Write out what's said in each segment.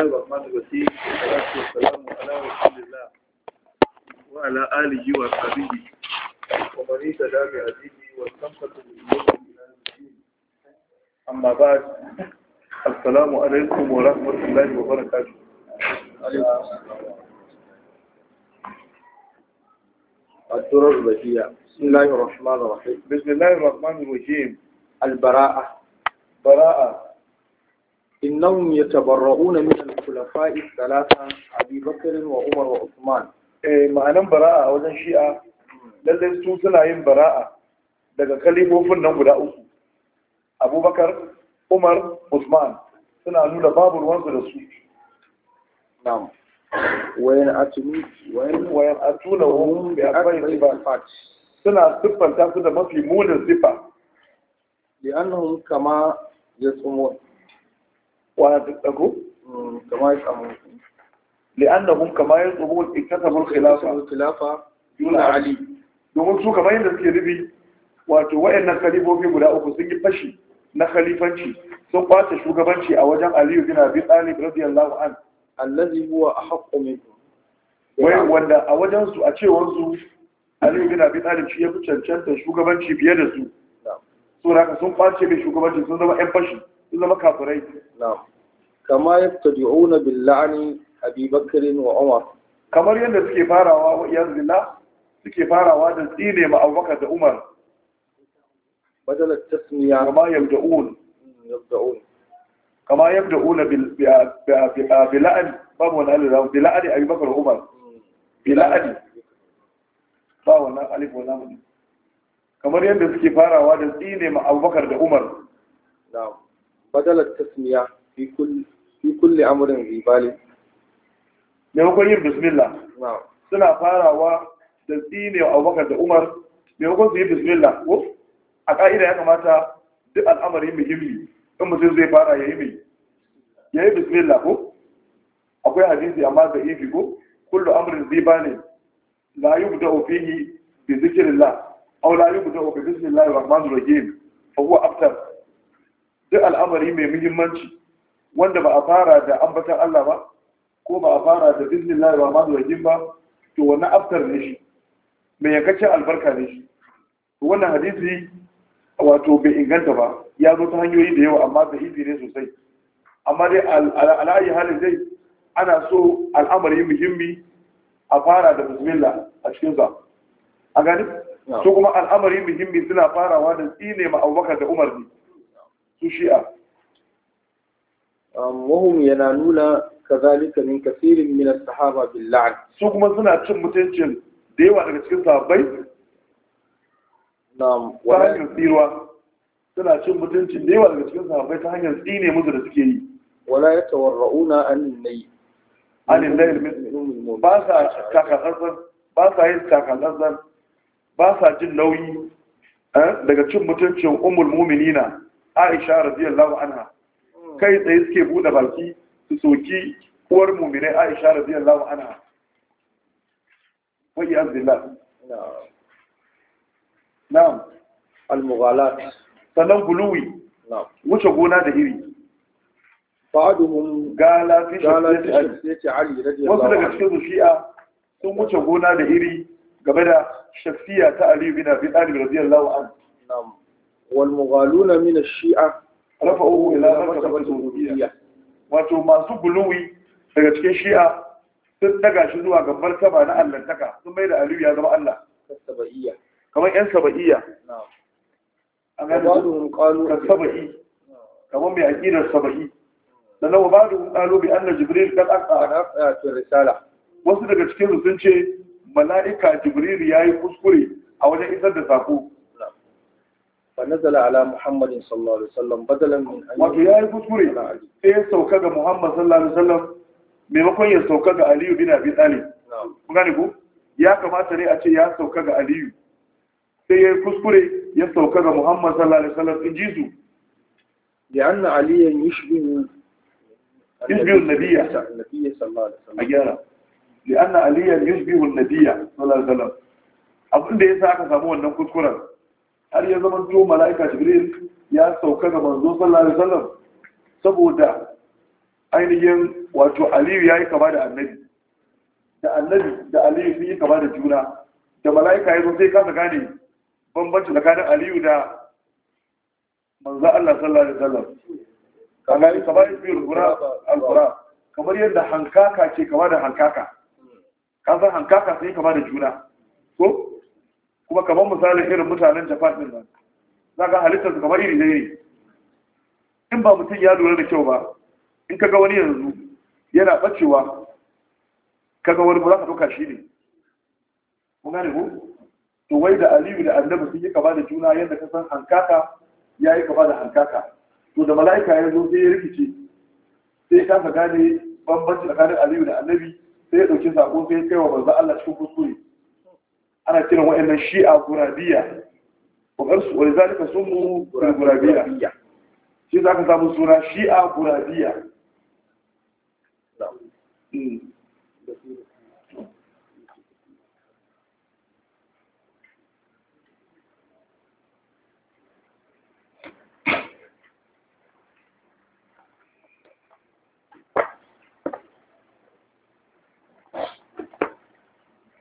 الله الرحمن الرحيم والصلاة والسلام على رسول الله وعلى آله وصحبه ومن اهتدى بهديه واستمسك بهديه إلى الدين أما بعد السلام عليكم ورحمة الله وبركاته الدرر البشية بسم الله الرحمن الرحيم بسم الله الرحمن الرحيم البراءة براءة innahum yatabarra'una min al-khulafa'i thalatha Abi Bakr wa Umar wa Uthman eh ma'anan bara'a a wajen Shi'a lallai su suna yin bara'a daga kalifofin nan guda uku Abubakar Umar Uthman suna nuna babu da su wayan atuni wayan wayan atuna hum bi suna siffanta su da mafi munin sifa li'annahum kama yasmun wa duk dago mm, kama ya samu li'annahum khilafa ali domin su kamar yadda suke rubi wato wayannan khalifofi guda uku sun yi fashi na khalifanci sun kwace shugabanci a wajen Aliyu bin Abi Talib radiyallahu an allazi huwa wanda a wajen su a cewar su Aliyu shi ya fi cancanta shugabanci da su sun kwace mai shugabanci sun zama yan fashi sun zama kafirai kama ya tabi'una abi wa umar kamar yadda suke farawa wa iyaz billah suke farawa da tsine ma abubakar da umar بدل التسمية كما يبدؤون يبدؤون كما يبدؤون بلأن باب ونأل له بلأن أبي بكر عمر بلأن باب kamar yadda suke farawa da tsine ma abubakar da umar بدل التسمية في كل في كل أمر ذي بال maimakon yin bismillah suna farawa da tsine wa abubakar da umar maimakon su yi bismillah ko a ƙa'ida ya kamata duk al'amari muhimmi in mutum zai fara ya yi mai ya yi bismillah ko akwai hadisi amma da ko kullu amrin zai ne la yi guda ofihi bi zikirillah au la yi guda ofi bismillah rahman rahim fa huwa aftar duk al'amari mai muhimmanci wanda ba a fara da ambatan Allah ba ko ba a fara da bismillah wa madu rajim ba to wani aftar ne shi mai yankacin albarka ne shi wannan hadisi wato bai inganta ba ya zo ta hanyoyi da yawa amma sahihi ne sosai amma dai al'ayi halin zai? ana so al'amari muhimmi a fara da bismillah a cikin sa a gani su kuma al'amari muhimmi suna farawa da tsine ma abubakar da umar ne kishiya wahum yana nuna kazalika min kasirin min sahaba bil la'n su kuma suna cin mutuncin da yawa daga cikin sahabbai na'am wa hanyar tsirwa suna cin mutuncin da yawa daga cikin sahabbai ta hanyar tsine musu da suke yi wala tawarrauna an nayi an nayi ba sa kakasar ba sa yin kakasar ba sa jin nauyi eh, daga cin mutuncin ummul mu'minina aisha radiyallahu anha kai tsaye suke buɗe baki su soki uwar muminai aisha radiyallahu anha wai azbillah na'am al-mughalat sanan buluwi wuce gona da iri fa'aduhum gala fi shakhsiyati ali radiyallahu anhu wasu daga cikin shi'a sun wuce gona da iri game da shafiya ta ali bin abi talib radiyallahu anhu na'am والمغالون من الشيعة رفعوه إلى مرتبة الربوبية wato masu buluwi daga cikin shi'a sun daga shi zuwa ga martaba na allantaka sun mai da aliyu ya zama allah kamar yan saba'iyya an gani kan saba'i kamar mai aƙidar saba'i sannan wa bada ƙalo bi annar jibril kan aka risala wasu daga cikin sun ce mala'ika jibril ya yi kuskure a wajen isar da sako fa nazala ala muhammadin sallallahu alaihi wasallam badalan min an wato yayi kuskure sai ya sauka ga muhammad sallallahu maimakon ya sauka ga aliyu bin abi talib kun gane ya kamata ne a ce ya sauka ga aliyu sai ya kuskure ya sauka ga muhammad sallallahu alaihi wasallam in jizu da anna aliyan yushbihu يشبه النبي النبي صلى الله عليه وسلم أجارة لأن عليا يشبه النبي صلى الله عليه وسلم abin da ya sa aka samu wannan kuskuren har ya zama to mala'ika jibril ya sauka ga manzo sallallahu alaihi wasallam saboda ainihin wato aliyu ya yi kama da annabi da annabi da aliyu sun yi kama da juna da mala'ika ya zo sai kasa gane bambanci tsakanin aliyu da manzo Allah sallallahu alaihi wasallam kamar yi da yin gura al kamar yadda hankaka ce kama da hankaka kaza hankaka sun yi kama da juna ko kuma kamar misalin irin mutanen japan din nan za ka halittar su kamar iri ne ne in ba mutum ya lura da kyau ba in ka ga wani yanzu yana ɓacewa ka ga wani ba za ka ɗauka shi ne kun gane ko to wai da aliyu da annabi sun yi kaba da juna yadda ka san hankaka ya yi kaba da hankaka to da mala'ika ya zo sai ya rikice sai ka ka gane bambanci tsakanin aliyu da annabi sai ya ɗauki sako sai ya kai wa manzo Allah cikin kuskure ana kiran wa'annan shi'a gurabiya wakarsu wani zalika sun mu gurabiya shi za ka samu suna shi'a gurabiya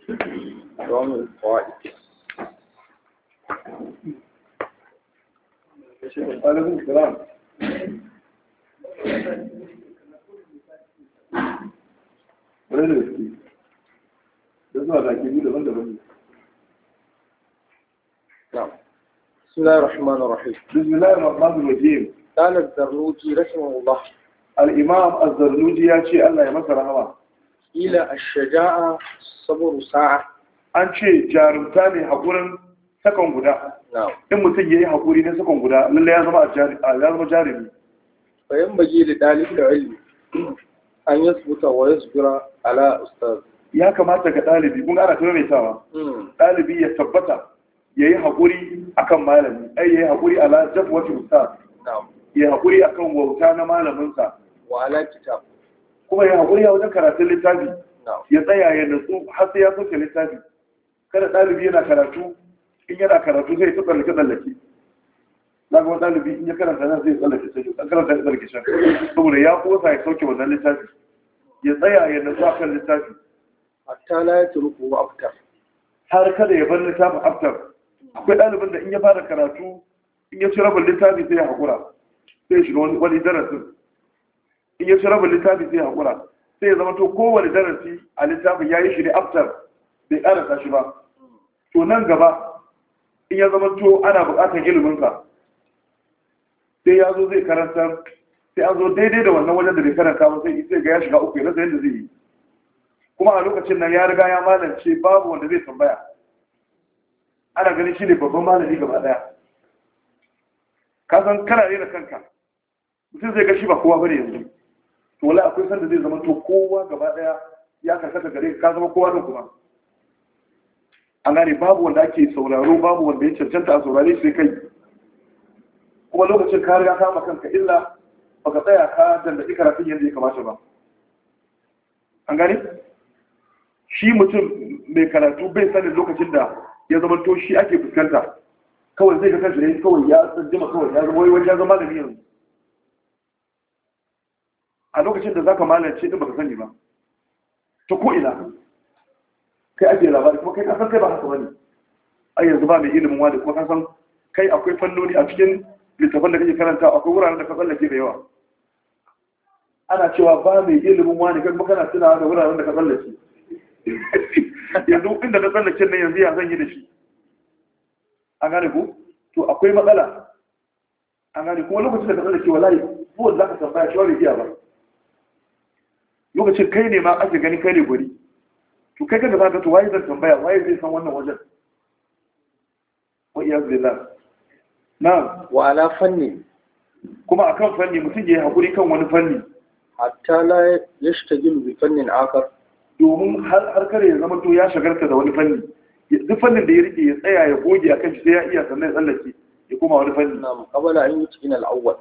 Thank hmm. you. الكرام نعم. بسم الله الرحمن الرحيم بسم الله الرحمن الرحيم قال الزرنوجي رحمه الله الإمام الزرنوجي يا شيء الله يمسر هوا إلى الشجاعة صبر ساعة an ce jarumta ne haƙurin sakon guda in mutum ya yi haƙuri na sakon guda lalle ya zama jarumi bayan baje da dalil da ilmi an yi subuta wa yasbira ala ustaz ya kamata ga ɗalibi kun ana kuma mai sawa hmm. ɗalibi ya tabbata ya yi haƙuri akan malami ai ya yi haƙuri ala Jaf, wata ustaz ya yi haƙuri akan wauta na malaminsa wa ala kitab kuma ya haƙuri a wajen karatun littafi ya tsaya ya natsu har sai ya soke littafi kada ɗalibi yana karatu in yana karatu zai ta tsallake tsallake na ga ɗalibi in ya karanta nan zai tsallake sai ya karanta ya tsallake shan saboda ya kosa ya sauke wannan littafi ya tsaya ya nasu a kan littafi hatta la ya turuku wa aftar har kada ya bar littafin aftar akwai ɗalibin da in ya fara karatu in ya ci rabin littafi sai ya haƙura sai ya shiga wani darasin in ya ci rabin littafi sai ya haƙura sai ya zama to kowane darasi a littafin ya yi shi ne aftar bai karasa shi ba to nan gaba in ya zama to ana buƙatar iliminsa sai ya zo zai karanta sai a zo daidai da wannan wajen da bai karanta ba sai isai ga ya shiga uku ya rasa yadda zai yi kuma a lokacin nan ya riga ya malance babu wanda zai tambaya ana ganin shi ne babban malami gaba ɗaya. ka san kana ne da kanka mutum zai ga shi ba kowa ba ne yanzu to wala akwai sanda zai zama to kowa gaba ɗaya ya karkata gare ka zama kowa da kuma an gane babu wanda ake sauraro babu wanda ya cancanta a saurare sai kai kuma lokacin ka riga kama kanka illa baka tsaya ka dandaɗi karatun yadda ya kamata ba an gane shi mutum mai karatu bai sanin lokacin da ya zama to shi ake fuskanta kawai zai ga kanshi ne kawai ya tsajjima kawai ya zama wani ya zama da miyan. a lokacin da za ka malance din baka sani ba ta ko ina kai ake labari kuma kai ka san kai ba haka bane a yanzu ba mai ilimin wani kuma ka san kai akwai fannoni a cikin littafan da kake karanta akwai wuraren da ka tsallake da yawa ana cewa ba mai ilimin wani kai kana tunawa da wuraren da ka tsallake yanzu inda ka tsallake nan yanzu ya zan yi da shi an gane ku to akwai matsala an gane kuma lokacin da ka tsallake wallahi ko za ka tambaya cewa bai iya ba lokacin kai ne ma ake gani kai ne gwani. to kai kaga za ka to waye zai tambaya waye zai san wannan wajen wajen zai billah na wa ala fanni kuma akan fanni mutum ya hakuri kan wani fanni hatta la yashtagil bi fannin akar domin har har kare ya zama to ya shagarta da wani fanni duk fannin da ya rike ya tsaya ya goge akan shi sai ya iya sannan ya tsallake ya koma wani fanni na kabala an yi cikin al'awwal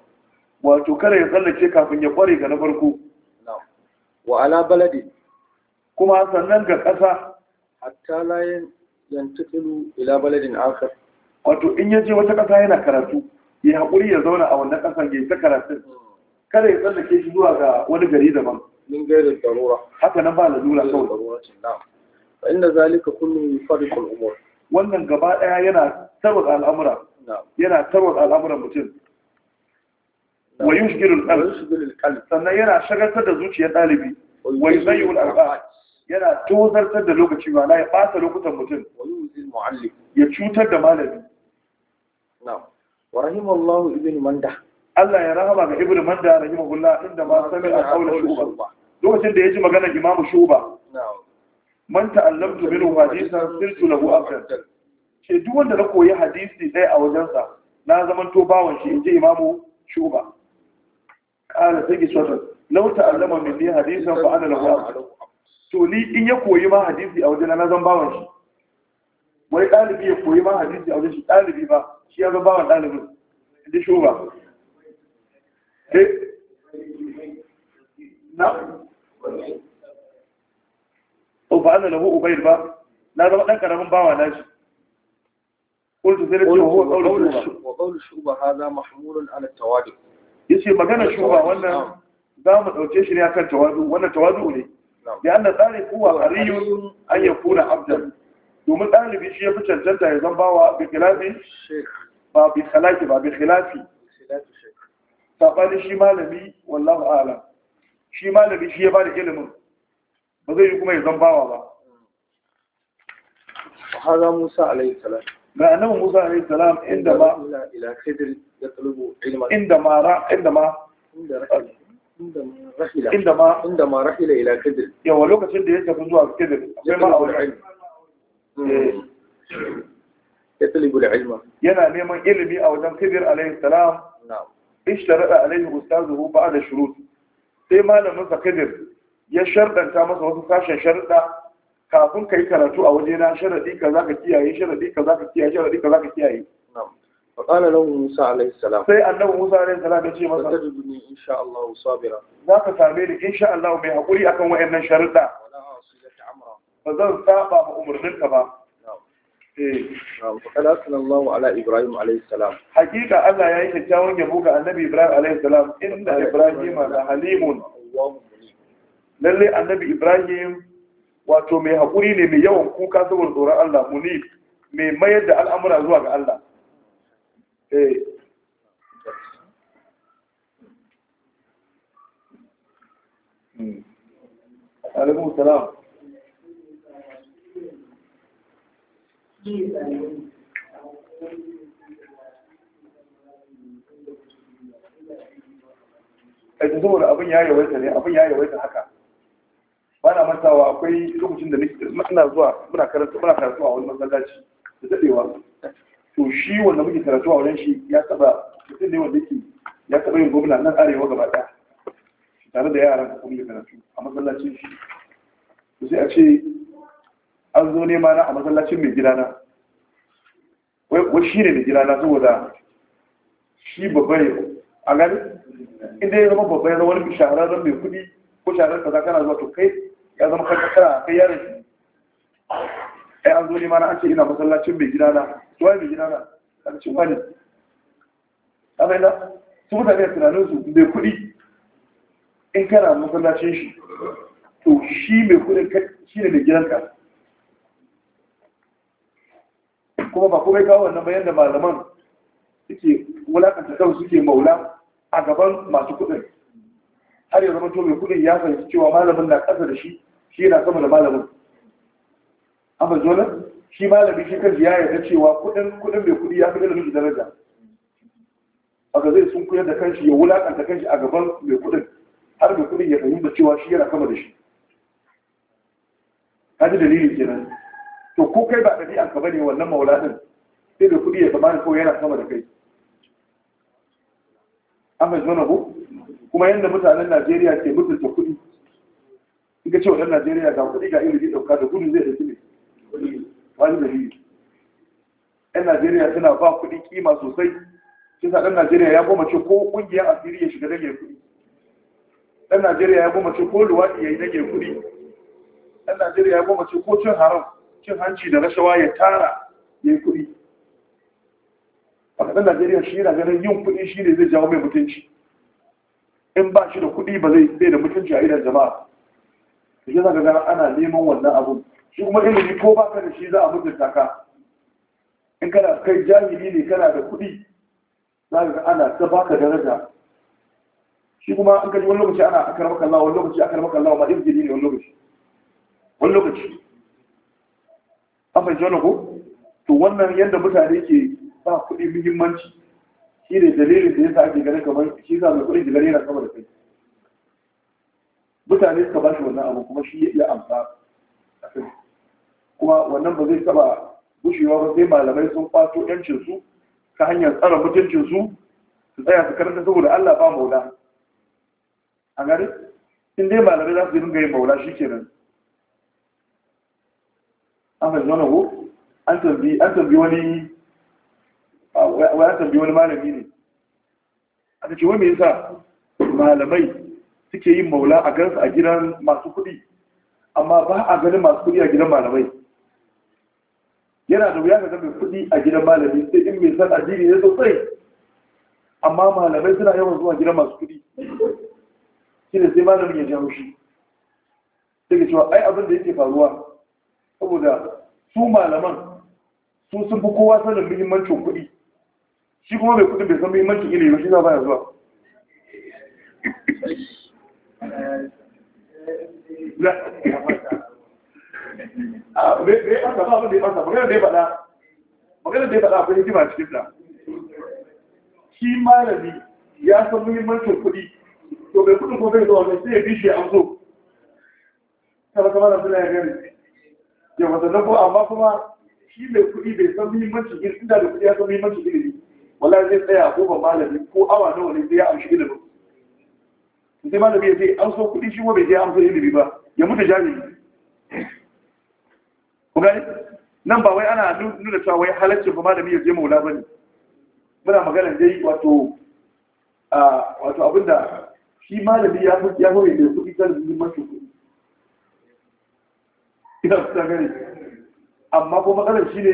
wato kare ya tsallake kafin ya kware ga na farko na wa ala baladin kuma sannan ga ƙasa hatta layin yantakilu ila baladin akhar wato in yaje wata ƙasa yana karatu ya haƙuri ya zauna a wannan ƙasar ya yi ta karatun kada ya tsallake shi zuwa ga wani gari daban min gairi darura haka nan ba lalura kawai fa inda zalika kullu yufarriqu al-umur wannan gaba daya yana tarwata al'amura yana tarwata al'amuran mutum wa yushghilu al-qalb sannan yana shagaltar da zuciyar dalibi wa yuzayyu al-awqat yana tozartar da lokaci ba na ya ɓata lokutan mutum ya cutar da malami wa rahimallahu ibn manda Allah ya rahama ga ibn manda rahimahullah inda ma sami a kaula shuba lokacin da ya ji maganar imamu shuba man ta'allamtu minhu hadisan sirtu lahu afdal ce duk wanda na koyi hadisi dai a wajensa na zaman to bawon shi inji imamu shuba qala sai ki sota law ta'allama minni hadisan fa ana lahu afdal so ni in ya koyi ma hadisi a wajen na zan bawan shi wani ɗalibi ya koyi ma hadisi a wajen shi ɗalibi ba shi ya zan bawan ɗalibin inda shi ba eh? na o ba ana lahu ubayr ba na zama ɗan ƙaramin bawa na shi قلت ذلك هو قول الشوبة وقول الشوبة هذا محمول على التوادع يسي مجانا الشوبة وانا دائما اوتيش ليها كان توادع وانا توادع ne. da an da kuwa hariyun an ya kuna abdan domin ɗalibi shi ya fi cancanta ya zan bawa bi khilafi ba bi ba bi saɓani shi malami wallahu ala shi malami shi ya ba da ilimin ba zai yi kuma ya zan bawa ba haza musa alayhi ga annabi musa alayhi salam inda ma ila khidr inda ma inda ma inda ma inda ma rahila ila kadir yawa lokacin da ya tafi zuwa kadir sai ma aure ilmi ya talibu da ilma yana neman ilimi a wajen kadir alaihi salam ishtarada alaihi ustazuhu ba'da shurut sai malamin sa kadir ya shardanta masa wasu sashen sharuda kafin kai karatu a waje na sharadi kaza ka kiyaye sharadi kaza ka kiyaye sharadi kaza ka kiyaye فقال له موسى عليه السلام سي أنه موسى عليه السلام يجي مثلا ستجدني إن شاء الله صابرا ذاك تعميني إن شاء الله ما يقولي أكون وإن شرطا ولا أصيل عمرا فزن ساقا بأمر منك ما فقال أثنى الله على إبراهيم عليه السلام حقيقة ألا يعيش الجاون يبوك النبي إبراهيم عليه السلام إن إبراهيم لحليم للي النبي إبراهيم wato mai haƙuri ne mai yawan kuka saboda tsoron Allah muni mai mayar da al'amura zuwa ga Allah Eh. Hmm. alaikun salam ƙarfi saboda abin ya yawaita ne abin ya yawaita haka ba na matawa akwai lokacin da muna zuwa muna karatu a wani matsalaci da daɗewa to shi wanda muke karatu a wurin shi ya taba mutum ne wanda yake ya taba yin gwamna nan arewa gaba ɗaya tare da yaran da kuma karatu a masallacin shi to sai a ce an zo nema na a masallacin mai gidana wai shi ne mai gidana saboda shi babba ne a gani inda ya zama babba ya zama wani shahararren mai kuɗi ko shahararren kaza kana zuwa to kai ya zama kai kakara kai yaron shi ai an zo nema na an ce ina masallacin mai gidana wani mai gina na a cikin wani su mutane tunanin su mai kuɗi in kana masallacin shi to shi mai kuɗin shi ne mai gidanka kuma ba kuma kawo wannan bayan da malaman suke wulakanta kan suke maula a gaban masu kuɗin har yanzu zama mai kuɗin ya fahimci cewa malamin na ƙasa da shi shi yana sama da malamin an fahimci shi malami shi kan ya yarda cewa kudin kudin mai kudi ya fi da miji daraja aka zai sun koyar da kanshi ya wulakanta kanshi a gaban mai kudin har mai kudin ya fahimta cewa shi yana kama da shi ji dalilin kenan to ko kai ba an ka ne wannan maula sai da kudi ya zama kawai yana kama da kai an fahimci wannan kuma yadda mutanen Najeriya ke mutunta kudi in ka ce wa ɗan Najeriya ga kudi ga ilimin ɗauka da gudun zai ɗauki ne wani dalili yan najeriya suna ba kuɗi kima sosai shi sa ɗan najeriya ya goma ce ko ƙungiyar asiri ya shiga dangin kuɗi ɗan najeriya ya goma ce ko luwaɗi ya yi dangin kuɗi ɗan najeriya ya goma ce ko cin haram cin hanci da rashawa ya tara ya yi kuɗi a ɗan najeriya shi yana ganin yin kuɗi shi ne zai jawo mai mutunci in ba shi da kuɗi ba zai da mutunci a idan jama'a da shi zaga ana neman wannan abun shi kuma ilimi ko ba ka da shi za a mutunta ka in kana kai jahili ne kana da kuɗi za ka ana ta baka daraja shi kuma an kaji wani lokaci ana a maka kallawa wani lokaci akar maka kallawa ma izgili ne wani lokaci wani lokaci an jona ko to wannan yadda mutane ke ba kuɗi muhimmanci shi ne dalilin da ya sa ake ganin kamar shi za mai kuɗi jigar yana sama da kai mutane suka ba shi wannan abu kuma shi ya iya amsa a kai kuma wannan ba zai taba gushewa ba sai malamai sun kwato yancin su ta hanyar tsara mutuncinsu, su tsaya su karanta saboda Allah ba maula a gari in dai malamai za su yi dinga yin maula nan an fahimci wani ko an tambi an tambi wani an tambi wani malami ne ta ce wani yasa malamai suke yin maula a gansu a gidan masu kuɗi amma ba a ganin masu kuɗi a gidan malamai yana da wuya ka mai kuɗi a gidan malami sai in mai san addini ne sosai amma malamai suna yawan zuwa gidan masu kuɗi shi ne sai malamin ya ja mushi sai ka cewa ai abin da yake faruwa saboda su malaman su sun fi kowa sanin muhimmancin kuɗi shi kuma mai kuɗin bai san muhimmancin ilimi ba shi za baya zuwa Yeah. Eh, a bai ɓata ba abin da ya ɓata magana da ya faɗa magana da ya faɗa akwai hikima cikin ta shi malami ya san muhimmancin kuɗi to bai kudin ko bai zuwa mai sai ya bi shi an so kama kama da suna ya gani ya wata na amma kuma shi mai kuɗi bai san muhimmancin ilimi inda da kuɗi ya san muhimmancin ilimi wala zai tsaya ko ba malami ko awa nawa ne sai ya amshi ilimin sai malami ya ce an so kuɗi shi ko bai je an so ilimi ba ya mutu jami'i ku gani nan ba wai ana nuna cewa wai halaccin ba malami ya je maula bane muna magana dai wato a wato abinda shi malami ya fi ya hore da kuɗi kan muhimmanci kuɗi ina ta gani amma kuma matsalar shi ne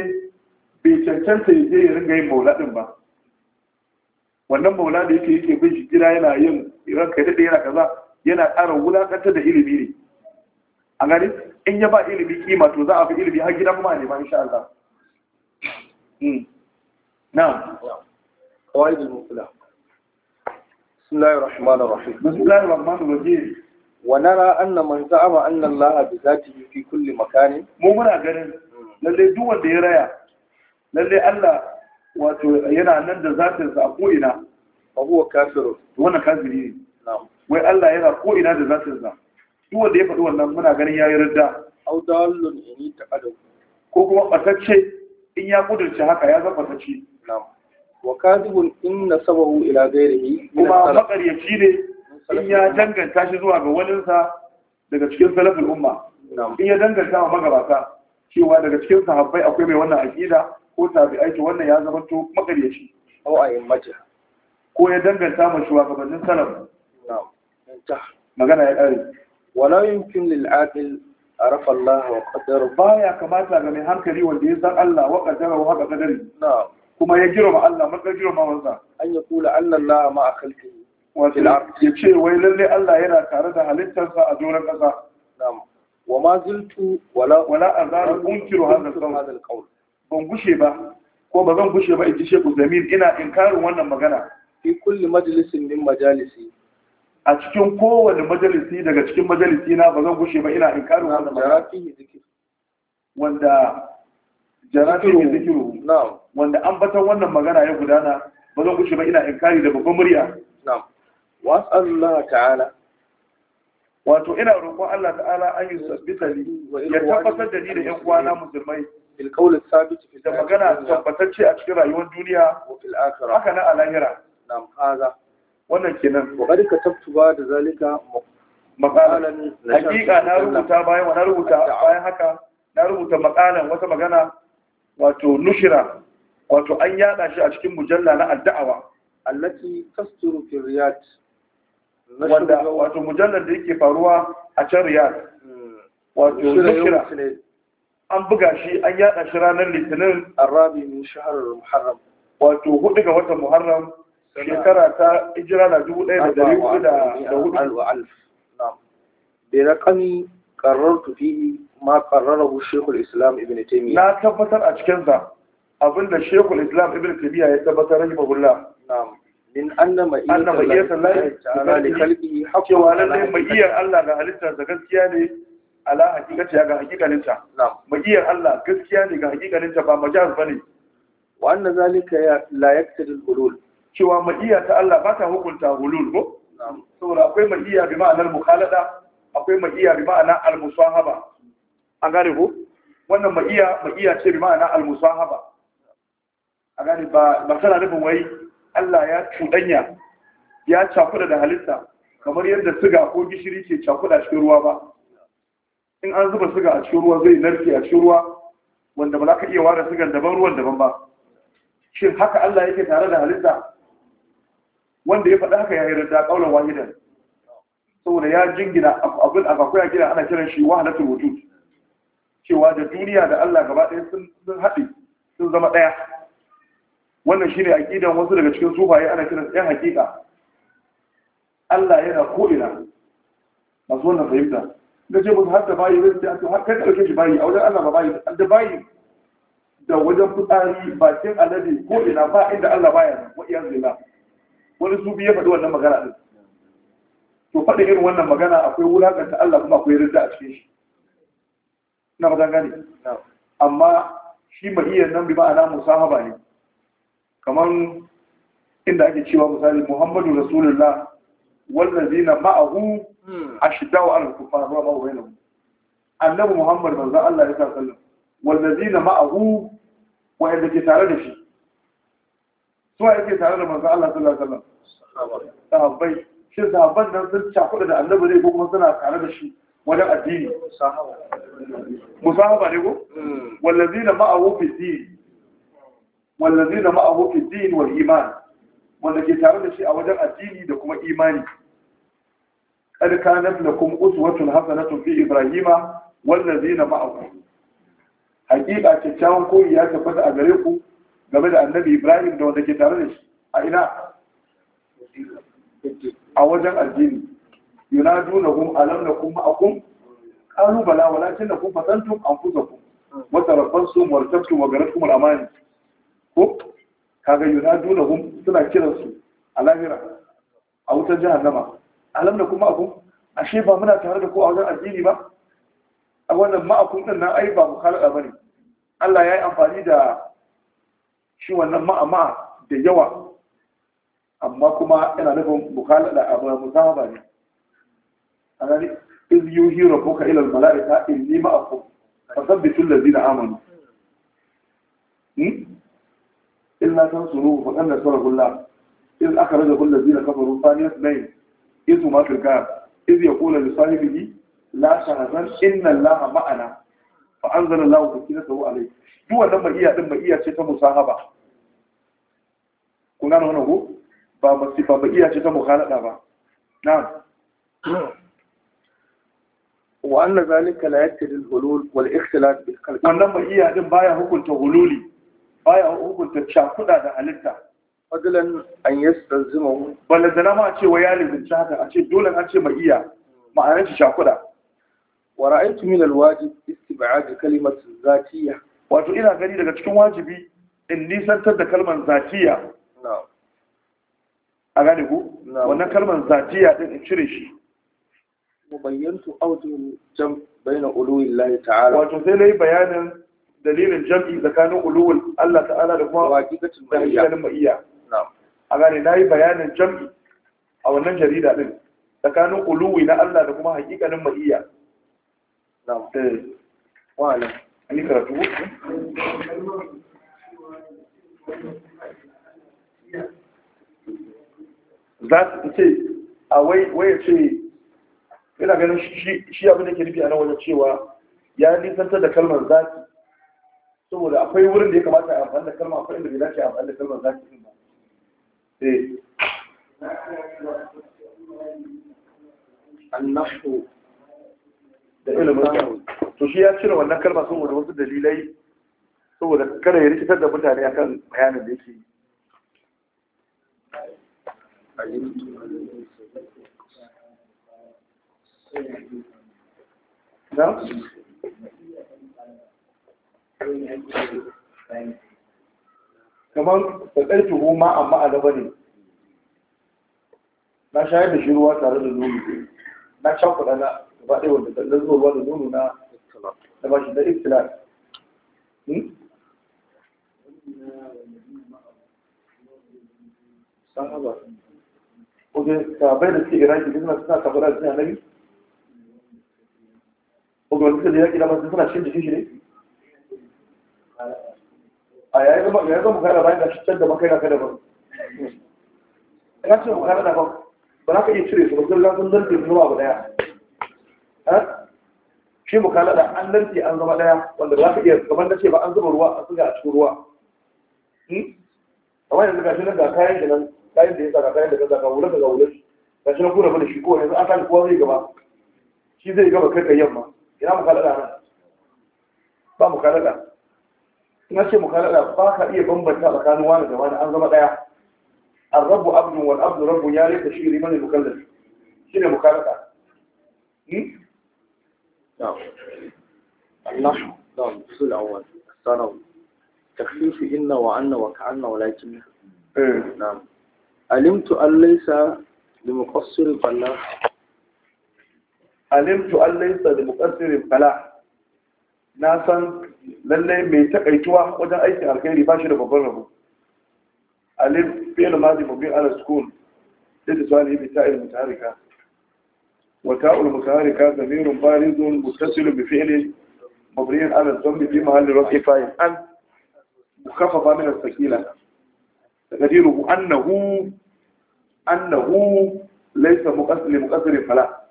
bai cancanta ya je ya ringa yin maula din ba wannan maula da yake yake bin shi jira yana yin ranka daɗe yana kaza yana ƙara wulaƙanta da ilimi ne a gani in ya ba ilimi kima to za a fi ilimi har gidan ma ne ma insha Allah hmm. na'am qawaid al-muflah بسم الله الرحمن الرحيم بسم الله الرحمن الرحيم ونرى أن من زعم أن الله بذاته في كل مكان مو منا غنين lalle duk wanda ya raya lalle Allah wato yana nan da zatin sa a ko ina fa huwa kafir wannan kafiri ne wai Allah yana ko ina da zatin sa duk wanda ya faɗi wannan muna ganin yayi ridda aw yi ta taqaddam ko kuma batacce in ya kudurce haka ya zama batacce ce. wa kadibun in nasabahu ila ghairihi kuma makaryaci ne in ya danganta shi zuwa ga waninsa daga cikin salafin umma in ya danganta wa magabata cewa daga cikin sahabbai akwai mai wannan aƙida ko tabi'ai to wannan ya zama to makaryaci aw mace ko ya danganta ma shugabannin salaf magana ya ƙare wala yumkin lil aqil arafa Allah wa qadara baya kamata ga mai hankali wanda ya san Allah wa qadara wa haka kadari kuma ya girma Allah matsar girma wanda an ya kula Allah Allah ma akalki wato ce wai lalle Allah yana tare da halittarsa a doron kasa na'am wa ma ziltu wala wala azara unkiru hadha al-qawl ba zan bushe ba in ji Sheikh ina inkarin wannan magana fi kulli majalisin min majalisi a cikin kowane majalisi daga cikin majalisi na ba zan gushe ba ina inkarin wannan jarafi wanda jarafi ne zikiru wanda an batan wannan magana ya gudana ba zan gushe ba ina inkari da babban murya ta'ala wato ina roƙon Allah ta'ala an yi sabbita ne ya tabbatar da ni da ƴan uwana musulmai ilkaul sabit da magana tabbatacce a cikin rayuwar duniya fil akhirah haka na a lahira na'am haza wannan kenan wa ka katabtu ba da zalika maqalan hakika na rubuta bayan wannan rubuta bayan haka na rubuta maqalan wata magana wato nushira wato an yada shi a cikin mujalla na addawa allati tasturu fi riyad wanda wato mujallar da yake faruwa a can riyad hmm. wato nushira an buga shi an yada shi ranar litinin arabi min shahrul muharram wato hudu ga watan muharram shekara ta ijira na dubu ɗaya da dari hudu da hudu bi raqami qarrartu fihi ma qarrarahu islam ibn taymiyyah na tabbatar a cikin sa abinda shaykhul islam ibn taymiyyah ya tabbatar rahimahullah na'am min anna ma'iyyatan lahi ta'ala li khalqihi haqqan wa lalle ma'iyyar Allah ga halittar da gaskiya ne ala hakikati ga Allah gaskiya ne ga hakikaninta ba majaz bane wa anna zalika la yaqtadi al cewa ma'iya ta Allah ba ta hukunta hulul ko saboda akwai ma'iya bi ma'anar mukhalada akwai ma'iya bi ma'anar al-musahaba an gane ko wannan ma'iya ma'iya ce bi ma'anar al-musahaba a gane ba masana tana nufin wai Allah ya cuɗanya, ya cakuda da halitta kamar yadda siga ko gishiri ke cakuda cikin ruwa ba in an zuba siga a cikin ruwa zai narke a cikin ruwa wanda ba za ka iya ware sugan daban ruwan daban ba shin haka Allah yake tare da halitta wanda ya faɗa haka ya yi rinda ƙaunar wahidan saboda ya jingina abin a kakwai gina ana kiran shi wahalatul wujud cewa da duniya da Allah gaba ɗaya sun haɗe sun zama ɗaya wannan shine aƙidan wasu daga cikin sufaye ana kiran ɗaya haƙiƙa. Allah yana ko'ina masu wannan fahimta da ce musu har da bayi zai ce a har kai ɗauke shi bayi a wajen Allah ba bayi da bayi da wajen fitsari bakin alade ko'ina ba inda Allah baya wa iyaz lillah wani sufi ya faɗi wannan magana ɗin to faɗi irin wannan magana akwai wulaƙanta Allah kuma akwai rinda a cikin shi na ba gane amma shi mahiyar nan bi ma'ana musahaba ne kamar inda ake cewa misali muhammadu rasulullah wallazina ma'ahu hmm. ashiddau ala kufar wa ma'ahu bainahum annabi muhammad manzo Allah ya sa sallallahu wallazina ma'ahu wa yadda ke tare da shi su wa yake tare da manzo Allah sallallahu alaihi wasallam sahabbai shi nan sun cakuɗa da annabi zai kuma suna tare da shi wajen addini musahaba ne ko wallazina ma'ahu fi din wallazina wal iman wanda ke tare da shi a wajen addini da kuma imani قد كانت لكم أسوة حسنة في إبراهيم Hakika معه koyi ya كوي a gare ku. game da annabi ibrahim da wanda ke tare da shi a ina a wajen aljini yunadunahum alam nakum ma'akum qalu bala walakinnakum fatantum anfusakum wa tarabbastum wa tarabtum wa garatkum kuma amani ko kaga yana yunadunahum suna kiransu a lahira a wutar jahannama alam nakum ma'akum ashe ba muna tare da ku a wajen addini ba a wannan ma'akum din nan ai ba mu ba ne. Allah ya yi amfani da shi wannan ma'ama da yawa amma kuma yana nufin mukhalada abu na ba ne a gani iz yuhi rabbuka ila almala'ika inni ma'akum in ladina amanu hmm? illa tansuruhu faqad nasarahu Allah iz akhrajahu alladhina kafaru thaniya ithnayn iz huma fil ghar iz yaqulu li sahibihi la tahzan inna laha ma'ana fa anzala Allahu sakinatahu alayhi duk wannan ma'iya din ma'iya ce ta musahaba kun gane wannan ko ba masifa ma'iya ce ta mukhalada ba na'am wa anna zalika la yaktadi al-hulul wal ikhtilat bil khalq wannan ma'iya din baya hukunta hululi baya hukunta cakuda da halitta fadlan an yastalzimahu baladana ma ce wa ya lizinci haka a ce dole an ce ma'iya ma'anar shi cakuda wa ra'aytu min al-wajib istib'ad kalimat zatiyya wato ina gani daga cikin wajibi in nisantar da kalmar zatiyya a gane ku wannan kalmar zatiyya din in cire shi mubayyantu audun jam bayna uluwillahi ta'ala wato sai nayi bayanin dalilin jam'i tsakanin uluwul Allah ta'ala da kuma waqiqatul mahiyya mahiyya a gane nayi bayanin jam'i a wannan jarida din tsakanin uluwi na Allah da kuma haƙiƙanin mahiyya na'am eh wa ala ani karatu za su ce a waya ce yana ganin shi abin da ke nufi a nan wajen cewa ya nisantar da kalmar zaki saboda akwai wurin da ya kamata a amfani da kalmar akwai inda bai dace a amfani da kalmar zaki din ba eh annahu da ilimin to shi ya cire wannan kalma saboda wasu dalilai saboda kada ya rikitar da mutane akan bayanin da yake na? kamar da ƙarfi huma amma a gaba ne na shayar da shi ruwa tare da nuni. na cakuɗa na ba ɗaya wanda da zuwa da nono na da ba shi da iftila sahaba oge sahabai da suke iraki suna suna kafara da suna nabi oge wanda suka da iraki dama suna cin jiki shi ne a yayin zama yayin zama bukara bayan da shi da makaira kada ba ina ce bukara da ba ba za ka iya cire su ba sun lafin zarfin zuwa ba daya shi mukalada an lantse an zama daya wanda ba ka iya Kamar na ce ba an zuba ruwa a suga a cikin ruwa hmm? amma yanzu gashi nan ga kayan da nan kayan da ya saka kayan da ka saka wurin ga wurin gashi nan kuna bane shi kowane yanzu an kani kowa zai gaba shi zai gaba kai kai yamma ina mukalada nan ba mukalada ina ce mukalada ba ka iya bambanta tsakanin wani da wani an zama daya الرب عبد والعبد رب يا ليت شيري من المكلف شنو مكالفه نعم النحو نعم الفصل الأول الثانوي تخفيف إن وأن وكأن ولكن نعم علمت أن ليس لمقصر فلاح علمت أن ليس لمقصر فلاح na san lallai mai takaituwa wajen aikin alkhairi ba shi da babban rabu alif fiye da mazi mabin ala sukun sai da tsari bi ta'ir mutaharika وتاء المتحركة ضمير بارز متصل بفعل مبني على الضم في محل رفع فاعل أن مخففة من الثقيلة تقديره أنه أنه ليس مقصر لمقصر فلا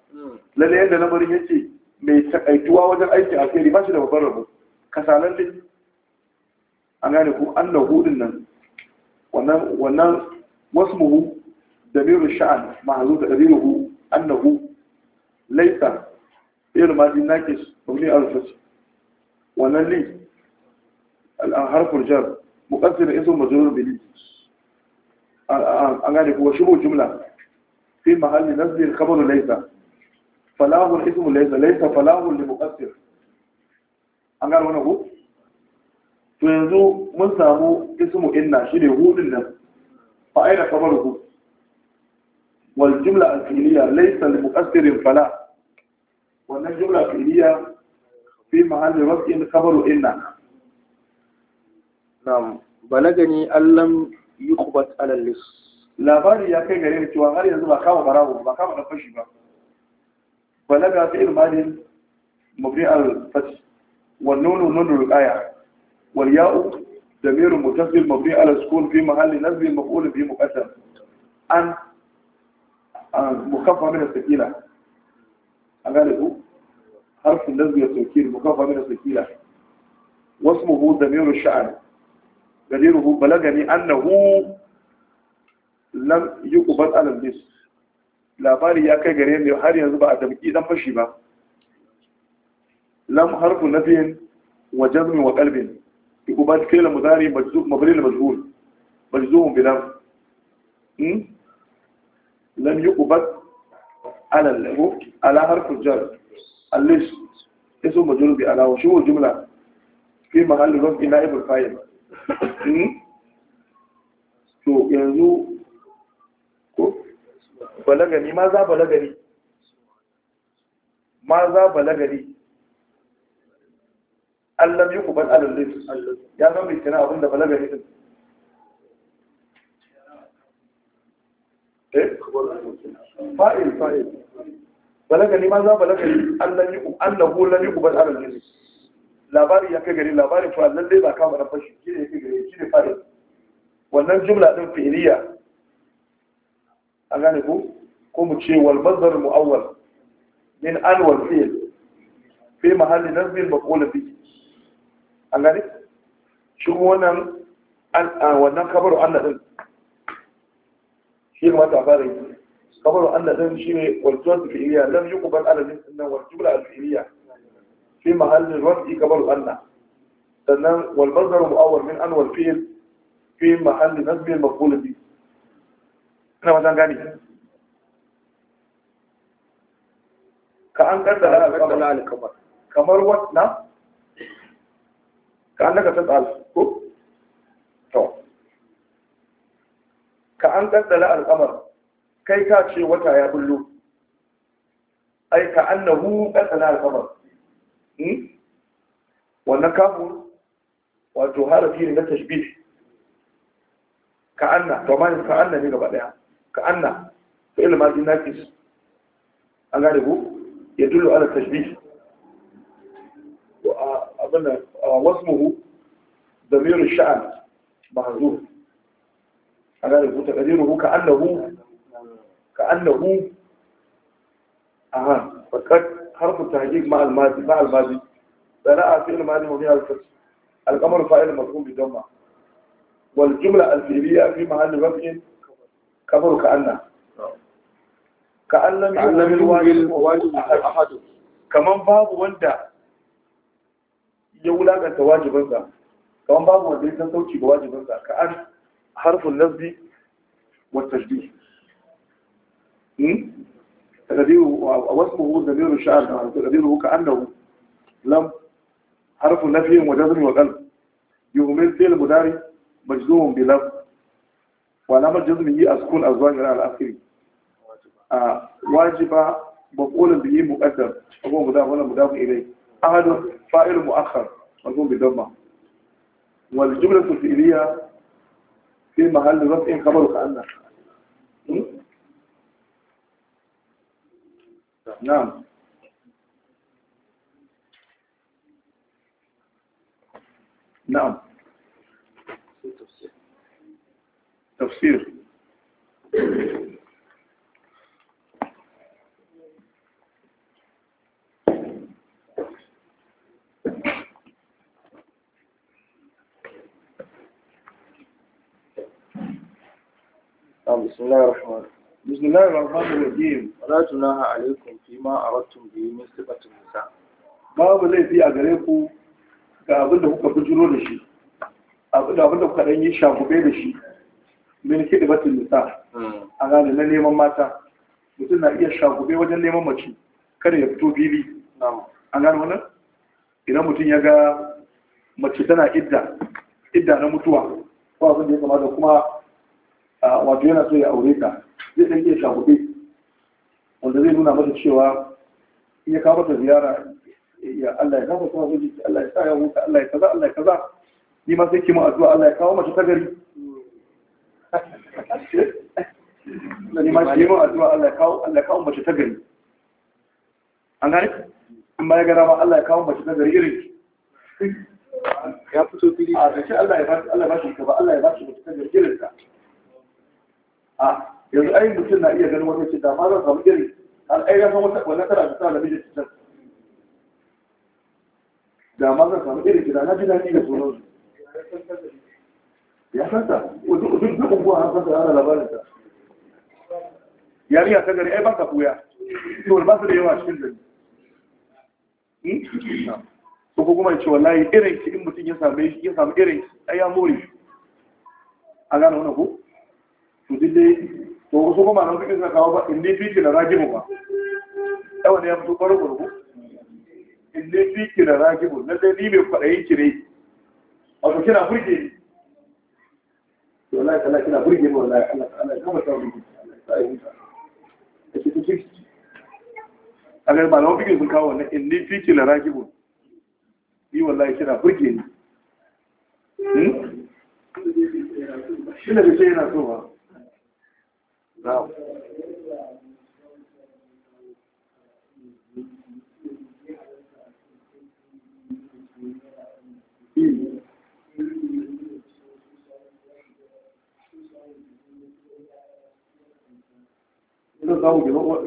lalle yadda lamarin yake mai takaituwa wajen aikin alheri ba shi da babbar rabo kasalan ne an gane ko Allah hudin nan wannan wannan da damiru sha'an mahazu da damiruhu annahu laita irin mazi nakis wani alfasi wannan ne al'aharfar jar bukatar da iso majalar bilis an gane kuwa shi jumla fi mahalli nazirin kamarun laita falahun iso laita laita falahun da bukatar an gane wani hu to yanzu mun samu iso inna shi ne hudun nan fa'ai da kamar hu wal jumla alfiliya laita da bukatarin falahun wannan jumla fi'liya fi mahallin rafin kabaru inna na balagani allam yi kubat lis labari ya kai gare da cewa har yanzu ba kama barawo ba kama da fashi ba balaga fi ilmadin mabni al fath wan nunu nunu al wal ya'u da meru مبني على السكون في محل نصب مفعول به مقدم an mukaffa min sakila an gane ku حرف النزل والتوكيد مكافأة من السكيلة واسمه ضمير الشأن غديره بلغني أنه lam yi kubar alambis labari ya kai gare mai har yanzu ba a damki dan fashi ba lam harfu na biyan wa jazmin wa kalbin yi kubar kela muzari mabari da majhul majzuhun lam hmm? ala jar الليس اسم مجرور بألا وشو الجملة في محل رفع نائب الفاعل to yanzu ko balagari ma za balagari yi kuban alallis ya zama mai kina abinda balagari balaga ne ma za balaga ne annahu lam ba ala al-jins labari ya kai gari labarin cewa lalle ba kama na fashi shi ne ya kai gari shi ne fadin wannan jumla din fi'liya a gane ku ko mu ce wal mazhar mu'awwal min an wal fi'l fi mahalli nasbin maqul fi A gane shi wannan an wannan kabaru Allah din shi ma ta fara yi خبروا أن ذلك شيء والجملة الفعلية لم يقبل على الجنس أنه والجملة الفعلية في محل الوضع خبر أن والمصدر مؤول من أن والفعل في محل نسب المفعول دي أنا مثلا قاني كأن قدر على الخبر kamar wadda ka an daga tattal ko? to kai ka ce wata ya bullo ai ka annahu kasana al-qamar hmm? wannan kafin wato harafi ne na tashbih ka anna to ma ka anna ne gaba daya ka anna fi'il madi naqis an gane ku yadullu ala tashbih wa abana wasmuhu ضمير الشأن ku أنا قلت تقديره كأنه ka annahu aha fakat harfu tahqiq ma al-madi ma al-madi sana'a al-madi wa fi al-fath al-qamar fa'il jumla al-fi'liya fi mahalli raf'in khabaru ka anna ka anna min wajib ahad babu wanda ya wulakanta wajibinsa kaman babu wanda ya sauki ga ka تقديره واسمه ضمير الشعر تقديره كأنه لم حرف نفي وجزم وقلب يهمل فعل مضارع مجزوم بلم وعلامة جزمه أسكون الظاهر على الأخير آه واجب مفعول به مقدم هو مضاف ولا مضاف إليه أحد فاعل مؤخر مجزوم بالضمة والجملة الفعلية في محل رفع خبر كأنه na'am na'am tafsir بسم الله الرحمن الرحيم بسم الله الرحمن الرحيم ولا جناح عليكم فيما أردتم به من صفة النساء babu laifi a gare ku ga abin da kuka bujiro da shi abin da kuka yi shagube da shi min hidibatin nisa hmm. a gane na neman mata mutum na iya shagube wajen neman mace kada ya fito bibi a gane wannan idan mutum ya ga mace tana idda idda na mutuwa ko abin da ya kamata kuma wato yana so ya aure zai ɗan iya shafuɗe wanda zai nuna masa cewa in ya kawo masa ziyara ya Allah ya kafa sama wajen Allah ya sa ya huta Allah ya kaza Allah ya kaza ni ma sai kima addu'a Allah ya kawo mace ta gari da ni ma kima addu'a Allah ya kawo Allah ya kawo mace ta gari an gane amma ya gara ma Allah ya kawo mace ta gari irin ya fito fili a sai Allah ya ba Allah ya ba shi ka ba Allah ya ba shi mace ta gari irin ta a yanzu ayin mutum na iya ganin wata ce da ma zan samu iri har ai ya wata wannan tara da tsara mijin cikin da ma zan samu iri gida na ji da suna su ya san duk duk unguwa an san ana labarin ta yariya ta gari ai ba ka koya to ba su da yawa cikin gari hmm? ko kuma ce wallahi irin ki in mutum ya same shi ya samu irin ki ai ya more a gane wannan ko to dai to su kuma nan suke kawo ba in ni fiki da rajibu ba yawa ne ya fito ɓarar gurgu in ni fiki da rajibu, na dai ni mai kwaɗayin ki ne wato kina burge ni to Allah kala kina burge ni wallahi Allah Allah ya kama ta burge sai huta kace to ki a ga malamin fikin sun kawo wannan in ni fiki da ragibu ni wallahi kina burge ni hmm? shi ne bai ce yana so ba zan samu faru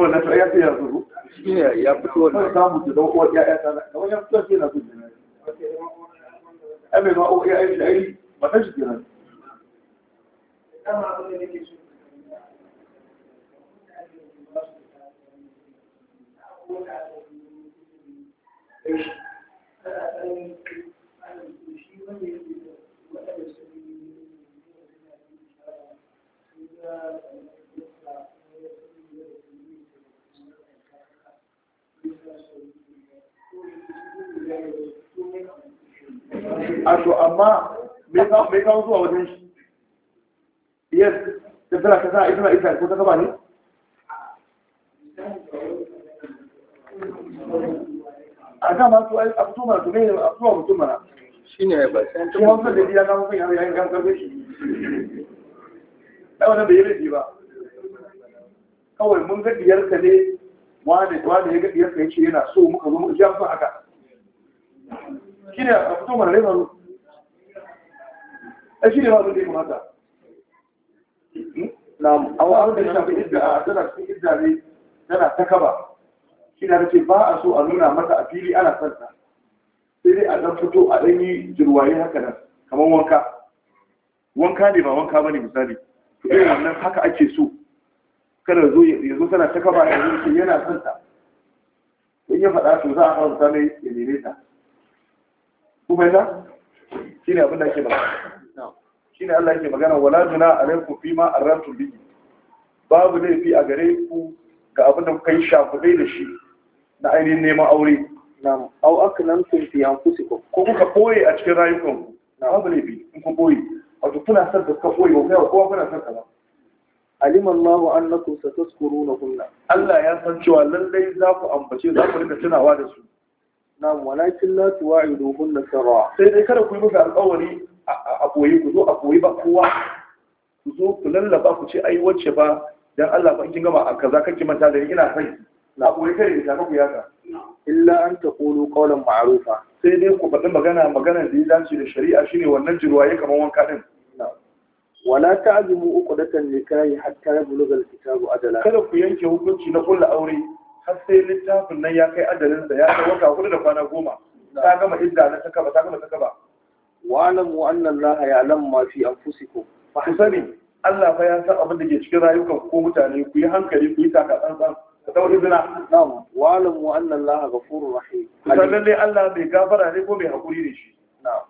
wannan ya zuru ya fito wannan ya fito shi na su ya shi ba ta shi kama abin da nake so Ato amma, me kawo zuwa shi? yes tattara ka sa ita ko ta ne a ma a a mana ba sai da biya na bai yi ba kawai mun ga diyarka ne wani wani ya ga ya ce yana so muka zo muka ji haka shi ne a fito mana rai maru ne ba zo yi mu haka? na'am aw an da shafi a tana cikin idda ne tana ta kaba shi da ce ba a so a nuna mata a fili ana son sai dai a ɗan fito a ɗan yi jirwaye haka nan kamar wanka wanka ne ba wanka bane misali to irin wannan haka ake so kada zo ya zo tana ta kaba yanzu yana son ta in ya faɗa to za a haramta mai ya neme ta kuma yana shi ne abin da ake ba shine Allah yake magana wala juna alaikum fima arrabtum bihi babu laifi a gare ku ga abin da kuka yi shafudai da shi na ainihin neman aure na'am aw aklamtum fi anfusikum ko kuka boye a cikin rayukan na babu laifi in ku boye wato kuna son da kuka boye ko kuma kuna son kaza alima Allah annakum satazkurunahunna Allah ya san cewa lallai za ku ambace za ku rika tunawa da su na'am walakin la tuwa'iduhunna sara sai dai kada ku yi musu alƙawari a koyi. ku zo a koyi ba kowa ku zo ku lallaba ku ce ai wacce ba dan Allah ba kin gama a kaza kake manta da ina sai na koyi kare da tafi ku yaka illa an ta qulu qawlan ma'rufa sai dai ku faɗi magana magana da ya dace da shari'a shine wannan jirwaye kamar wanka din wala ta'zimu uqdatan nikahi hatta yablugha al-kitabu adala kada ku yanke hukunci na kullu aure har sai littafin nan ya kai adalin da ya ta wata hudu da kwana goma ta gama idda na ta kaba ta gama ta kaba wa'alamu annallaha laha ya lam ma fi anfusikum fa sani Allah fa ya san abin da ke cikin rayukan ko mutane ku yi hankali ku yi taka tsantsan ka dauri zina na'am wa'alamu annallaha laha ghafurur rahim sannan dai Allah bai gafara ne ko mai hakuri ne shi na'am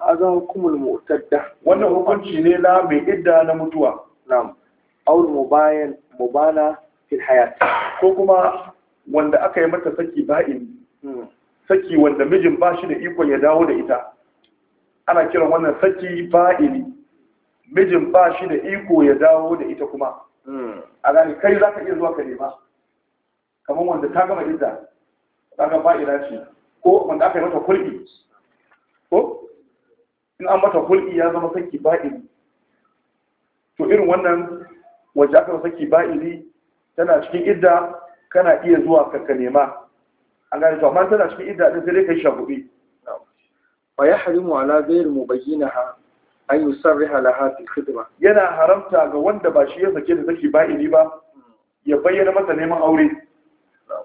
hadha hukumul mu'tadda wannan hukunci ne na mai idda na mutuwa na'am aw mubayan mubana fil hayat ko kuma wanda aka yi mata saki ba'in hmm. saki wanda mijin ba shi da ikon ya dawo da ita ana kiran wannan saki fa'ili mijin ba shi da iko ya dawo da ita kuma hmm. a gani kai za ka iya zuwa ka nema kamar wanda ta gama idda ta ga fa'ila ce ko wanda aka yi mata kulki ko in an mata kulki ya zama saki fa'ili to irin wannan wajen aka yi saki fa'ili tana cikin idda kana iya zuwa ka nema A gani to amma tana cikin idda din sai dai kai shagubi fa yahrimu ala ghayr mubayyinaha an yusarriha laha fil khidma yana haramta ga wanda ba shi ya sake da saki ba ili ba ya bayyana masa neman aure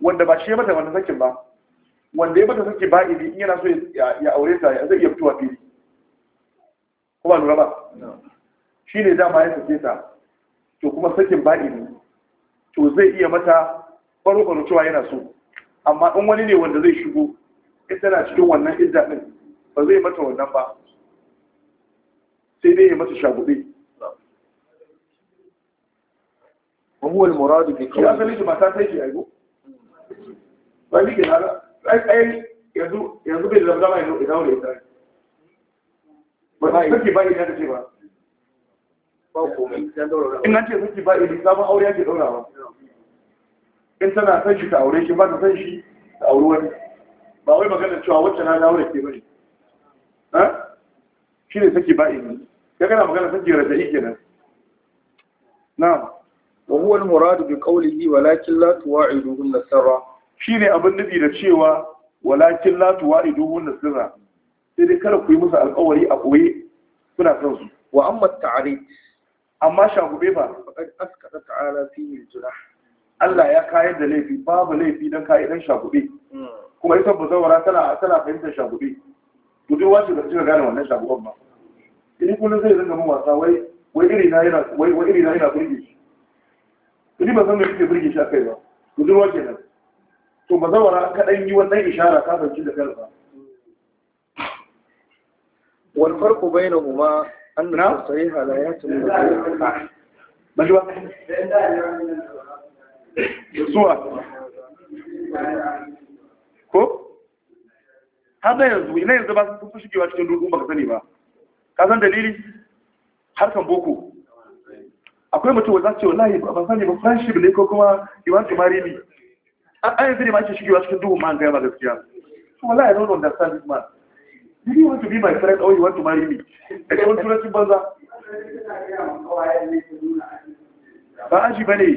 wanda ba shi ya mata wanda sakin ba wanda ya mata saki ba ili in yana so ya aure ta zai iya fitowa fili kuma lura ba shi ne dama ya sake ta to kuma sakin ba ili to zai iya mata baro-baro cewa yana so amma in wani ne wanda zai shigo ita na cikin wannan idda din ba zai mata wannan ba sai dai ya mata shagube mahuwal muradu ke kira asali shi mata sai ke aigo ba ni ke nara ai yanzu yanzu bai zama zama yanzu idan wani ita ba ta sarki ba ina ta ce ba in an ce sarki ba ina sabon aure ake daura ba in tana san shi ta aure shi ba ta san shi ta aure wani ba wai magana cewa wacce na daure ke bane shi ne saki ba'ini ya gana magana saki raja'i kenan na'am wa huwa al-murad bi qawlihi walakin la tuwa'iduhunna sirra shine abin nufi da cewa walakin la tuwa'iduhunna sirra sai dai kada ku yi musu alƙawari a koye kuna son su wa amma ta'rid amma shagube ba faqad askata ta'ala fihi al-junah Allah ya kayar da laifi babu laifi dan kai dan shagube hmm. kuma ita bazawara tana tana fahimtar shagube to duk wacce ba ta gane wannan shaguban ba ni kullum zai zanga mun wasa wai wai iri na yana wai wai iri na yana burge shi ni ba san me yake burge shi akai ba budurwa kenan to mazawara kaɗan yi wannan ishara ka fahimci da kansa wal farqu bainahuma anna tasriha la yatmu bajwa zuwa ko har da yanzu ina yanzu ba su fushi kewa cikin dukkan baka sani ba ka san dalili harkan boko akwai mutum za ce wallahi ba sani ba friendship ne ko kuma iwan tumari ne an yanzu ne ma ake shigewa cikin duhun ma'an gaya ma gaskiya so wallahi i don't understand this man do you want to be my friend or you want to marry me da kai wani turancin banza ba aji ba ne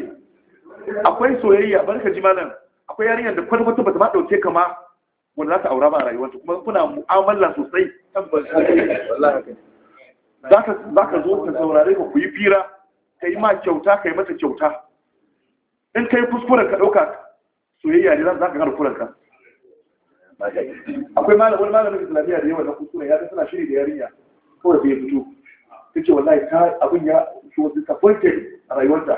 akwai soyayya barka ji malam akwai yarinyar da kwata-kwata ba ta ma ɗauke kama wanda za ka aura ba a rayuwarta kuma kuna mu'amala sosai za ka zo ka saurare ka ku yi fira ka yi ma kyauta ka yi mata kyauta in ka yi kuskuren ka ɗauka soyayya ne za ka gano kuranka akwai wani malamin islamiyya da yawa na kuskuren ya suna shiri da yarinya kawai bai fito ta ce wallahi ta abin ya shi wasu disappointed a rayuwarta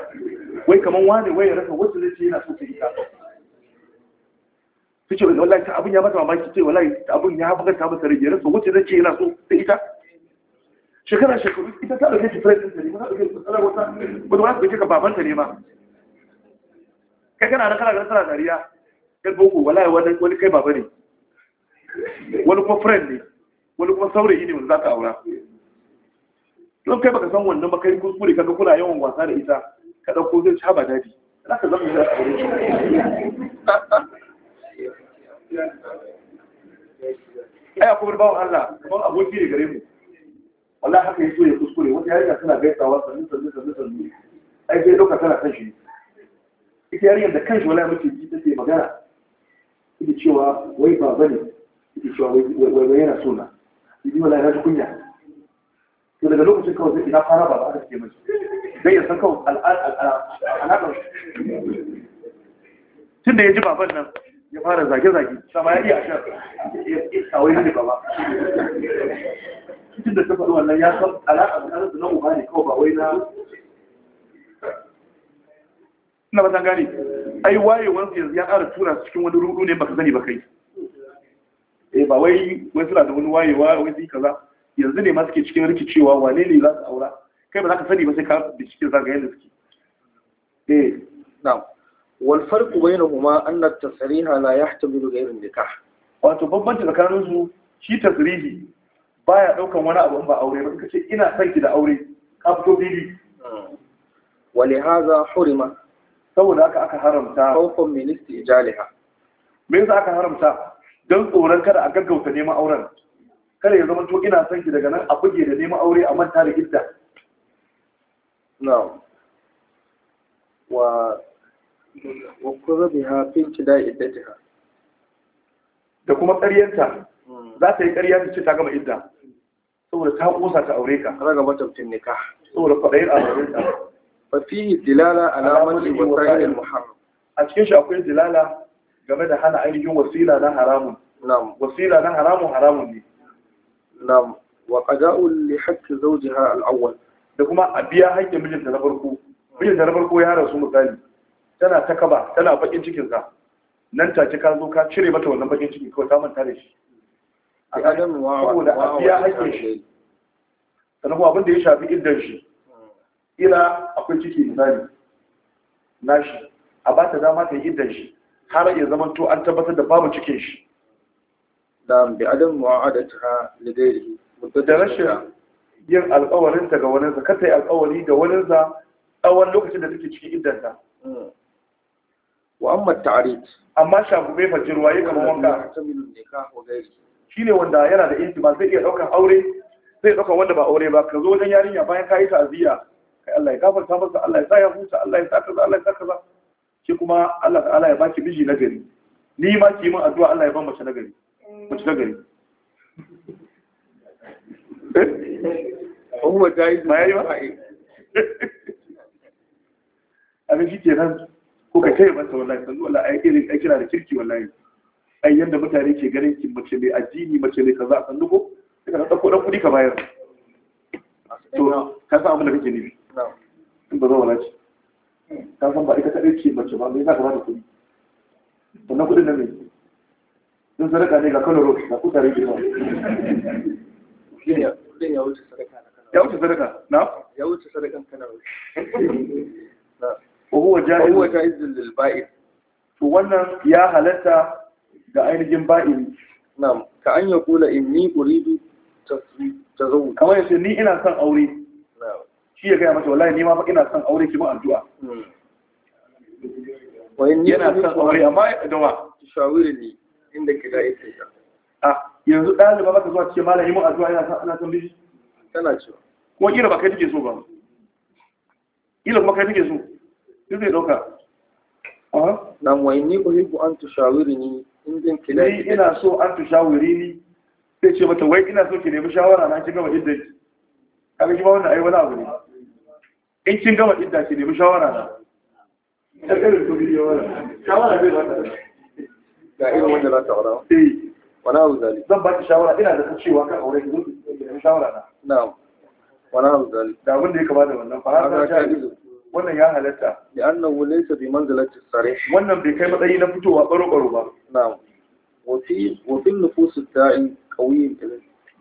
wai kamar wane wai ya rasa wasu zai ce yana so ta yi suke wallahi ta abin ya mata mamaki ce wallahi abin ya buga ta masa rage rasa wuce da ce yana so da ita shekara shekaru ita ta dauke shi friend ta ne ma dauke shi tsara wata wata wata dauke ka baban ta ne ma kai kana da kana da tsara dariya kai boko wallahi wani wani kai baba ne wani kuma friend ne wani kuma saurayi ne wanda zaka aura don kai baka san wannan ba kai kuskure kaga kula yawan wasa da ita ka dauko zai ci haba dadi zaka zama da aure ai akwai bawan Allah kamar aboki da gare mu wallahi haka yaso ya kuskure wata yarinya tana gaisawa sannu sannu sannu sannu ai sai dauka tana kan magana ita cewa wai baba ne ita cewa yana sona daga lokacin kawai fara baba aka al'adar ya ji baban nan ya fara zage-zage sama ya iya a shan a wani ne ba ba cikin da ta faɗi wannan ya san alaƙa da na uba ne kawai ba wai na na ba gane ai wayewar yanzu ya ƙara tura cikin wani rudu ne baka zani ba kai eh ba wai wai suna da wani wayewa wai su yi kaza yanzu ne ma suke cikin rikicewa wane ne za su aura kai ba za ka sani ba sai ka bincike zagayen da suke eh na'am والفرق بينهما أن التصريح لا يحتمل غير النكاح wato bambanci tsakanin su shi tasrihi baya daukan wani abu ba aure ba kace ina son ki da aure ka bibi. bibi ولهذا hurima? saboda haka aka haramta khawfan min istijalaha me yasa aka haramta dan tsoron kada a gaggauta neman auren kada ya zama to ina son ki daga nan a buge da neman aure a manta da idda na'am wa wa kurbiha fi ibtida'i iddatiha da kuma ƙaryanta hmm. za ta yi ƙarya ta ce ta gama idda saboda ta ƙosa ta aure ka raga matabtin ka. saboda faɗayin al'amurinta fa fihi dilala ala manhi wa sayyidil muharram a cikin shi akwai dilala game da hana ainihin wasila na haramun na'am wasila na haramun haramun ne na'am wa qada'u li haqqi zawjiha al-awwal da kuma a biya haƙƙin mijinta na farko mijinta na farko ya rasu misali tana ta kaba tana bakin cikin sa nan take ka zo ka cire mata wannan bakin ciki kawai ta manta da shi a kadan wa saboda a biya hakkin shi sannan kuma abin da ya shafi iddan shi ila akwai ciki misali nashi a ba ta dama ta yi iddan shi har ya zama to an tabbatar da babu cikin shi da bi adam mu'adataha li ghairihi da rashin yin alƙawarin ta ga wani sa kada yi alƙawari da wani sa tsawon lokacin da take cikin iddanta hmm. wa amma ta'rid amma shagube fajir waye kamar wanka Shi ne wanda yana da intima zai iya daukar aure zai daukar wanda ba aure ba ka zo wajen yarinya bayan ka yi ta'aziyya kai Allah ya gafarta masa Allah ya sa ya huta Allah ya sa kaza Allah ya sa kaza shi kuma Allah ta'ala ya baki miji na gari ni ma ki min addu'a Allah ya ban mace na gari mace na gari Abubuwa eh? ta yi ma ya yi ba? Abin shi ke nan ko ka masa wallahi sannu wallahi ai irin ai kira da kirki wallahi ai yanda mutane ke ganin ki mace ne addini mace ne kaza sannu ko sai ka dauko dan kudi ka bayar to ka san abin da kake nufi in ba zan walaci ka san ba ita kadai ce mace ba me yasa ka bada kudi wannan kudin nan ne sun sadaka ne ga kalaro ka ku tare ke ba ya wuce sadaka na ya wuce sadakan kana road وهو جائز وهو جائز للبائع to wannan ya halatta da ainihin ba'iri na'am ka an yakula inni uridu tazawwuj kamar yace ni ina son aure shi ya gaya masa wallahi ni ma fa ina son aure ki mun wa ina son aure amma wa inda ka zuwa ce malami son duk zai ɗauka ni uhibbu an tushawiri ni in ni ina so ce mata wai ina so ke nemi shawara na kin gama idda ki kaga shi ma wannan ai wani abu ne in gama idda shawara na shawara bai ba abu zali ina da cewa kan aure ki nemi shawara na Na, wani abu zali da abin da ya kamata wannan wannan ya halatta da annahu ta bi manzilati tsare? wannan bai kai matsayi na fitowa baro-baro ba na wofi wofin wa fi nufusu da'in qawiyin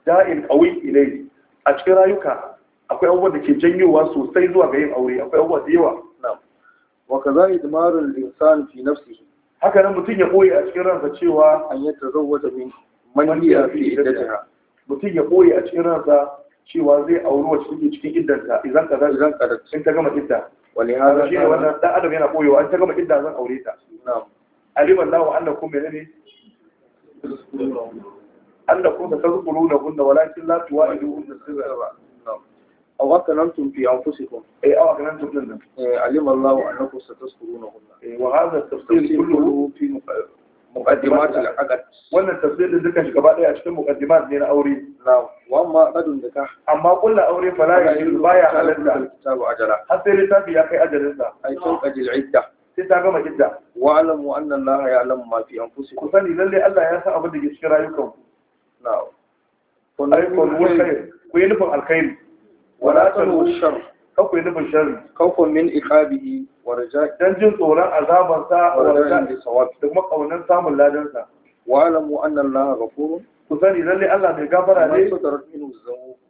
da'in qawiyin ilai a cikin rayuka akwai abubuwan da ke janyowa sosai zuwa ga yin aure akwai abubuwa da yawa na wa kazali dimarul insan fi nafsihi haka nan mutum ya koyi a cikin ransa cewa an yi tazawwaja min mani a fi iddatiha mutum ya koyi a cikin ransa cewa zai auri wacce take cikin iddanta idan kaza idan kaza sun ta gama idda wani hada shi wannan dan adam yana boyewa an ta gama idda zan aure ta alim Allah annakum menene annakum tazkuruna kunna walakin la tuwa'iduhunna sirra aw akanantum fi anfusikum ay eh, aw akanantum lana eh, alim Allah annakum satazkuruna kunna eh, wa hadha at-tafsir kulluhu fi muqaddimat al-aqd wannan tafsirin dukan shi gaba cikin muqaddimat ne na aure na wamma qadun da ka amma kullu aure fa la yajuzu baya halatta kitabu ajala har sai littafi ya kai ajalin sa ai tun qadil idda sai ta gama idda wa alamu anna allaha ya'lamu ma fi anfusikum ku sani lalle Allah ya san abin da ke cikin rayukan na kun ku yi nufin wala kanku yi nufin sharri kanku min iqabihi wa raja dan jin tsoron azaban sa wa raja da sawabi da kuma samun ladan sa wa alamu anna allaha ghafurun ku sani lalle Allah mai gafara ne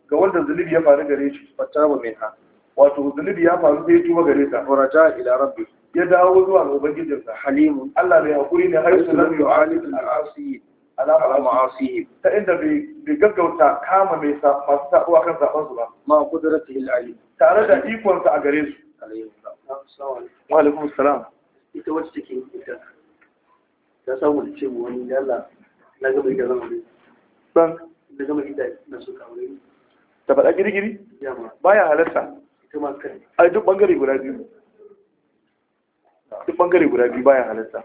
ga wanda zunubi ya faru gare shi fataba minha wato zunubi ya faru sai ya tuba gare ta wa raja ila rabbi ya dawo zuwa ga ubangijinsa halimun Allah mai hakuri ne har su lam yu'alib al-asi ala ma'asihim ta inda bai gaggauta kama mai masu sabuwa kan zaɓen su ba ma kudratu lil alim tare da ikonsa a gare su wa alaikum salam ita wacce take ita ta samu da cewa wani yalla na gaba ita zama ita na so ka ta faɗa girgiri baya halarta ita ma kai duk bangare guda biyu duk bangare guda biyu baya halarta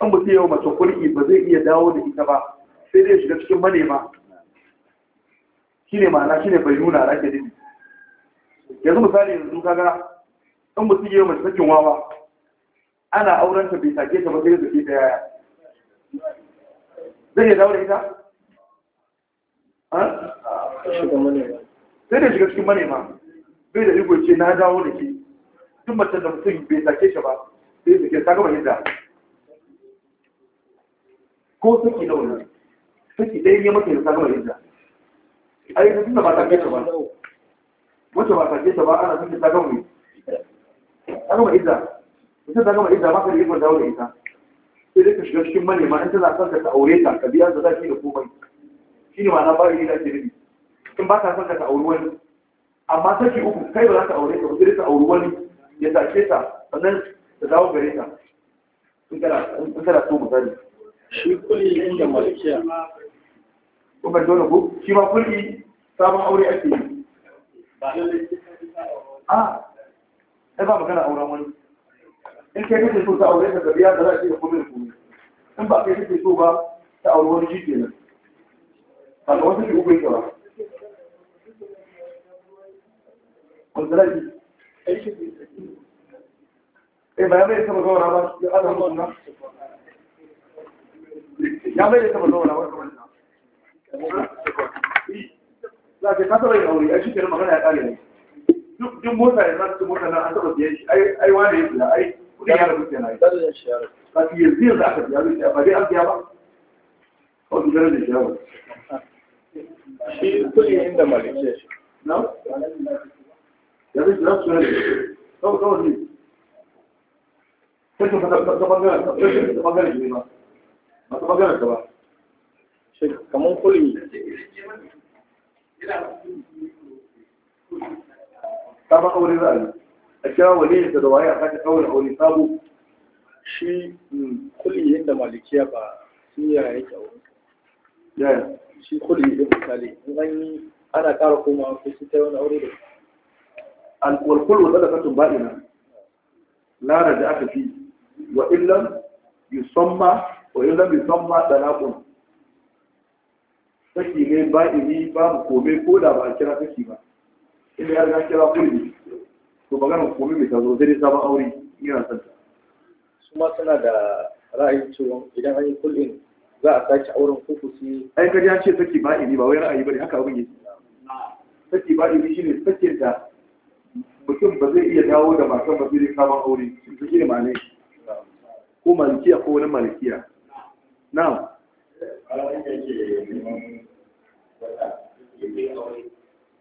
an mutu yau mace kulki ba zai iya dawo da ita ba sai dai shiga cikin manema shi ne ma'ana shi ne bai nuna na ke dini yanzu misali yanzu kaga an mutu yau mace sakin wawa ana auren ta bai sake ta ba sai zai ta yaya zai iya dawo da ita sai dai shiga cikin manema bai da iko ce na dawo da ke tun mace da mutum bai sake shi ba sai zai ta gaba yadda ko suke da wani suke ɗaya ya mata yasa gama yadda ai da ba ta kai ta ba wacce ba ta kai ta ba ana suki ta gama yi ta gama yadda mutum ta gama yadda ba ka da ikon dawo da ita sai dai ka shiga cikin manema in tana son ka ta aure ta ka biya da zaki da komai shi ne ma'ana bayan da ake nufi in ba ka son ka ta auri wani amma saki uku kai ba za ka aure ta ba sai ta auri wani ya sake ta sannan ta dawo gare ta in kana so misali shi kulli inda malkiya kuka dole ku shi ma kulli sabon aure ake yi a ah, ai ba magana auren wani in kai kake so ta aure ka gabiya da za a ce da komai da komai in ba kai kake so ba ta aure wani shi kenan ba ga wasu shi uku ka ba kwanzarari ai bayan mai saba zaura eh, ba ya adam mutum na ya mai da ta mazo wala wani za ka kasa bai aure ai shi kenan magana ya kare ne duk duk mota ya zata mota nan an taba biyan shi ai ai wani ya biya ai kudi ya rabu kenan ai ka ki yanzu yanzu aka biya zai ba dai an biya ba ko ki gara da shi yawa shi kudi inda malike shi na ya zai jira su ne kawai kawai ne sai ka fata ta bangaren ta bangaren ne ba masu magana gaba kamar kulmi sabon aure za a yi a kira wani da da waye a sake kawai aure sabo shi hmm, kulmi yadda malikiya ba sun yi yaya yake aure yaya shi kulmi da misali in an yi ana kara komawa ko su ta yi wani aure da alkulkulu da da katun ba'ina lara da aka fi wa illan yusamma ko yi zami san ma talakun saki ne ba ini babu kome ko da ba a kira saki ba inda ya riga kira kulmi to maganar kome mai tazo sai dai sabon aure yana son ta su ma suna da ra'ayin cewa idan an yi kullum za a sake auren kukusi ai kaji an ce saki ba ini ba wai ra'ayi ba ne, haka abin yake saki ba ini shine sakin da mutum ba zai iya dawo da matan ba sai dai sabon aure shi ne ma'anai ko malikiya ko wani malikiya na.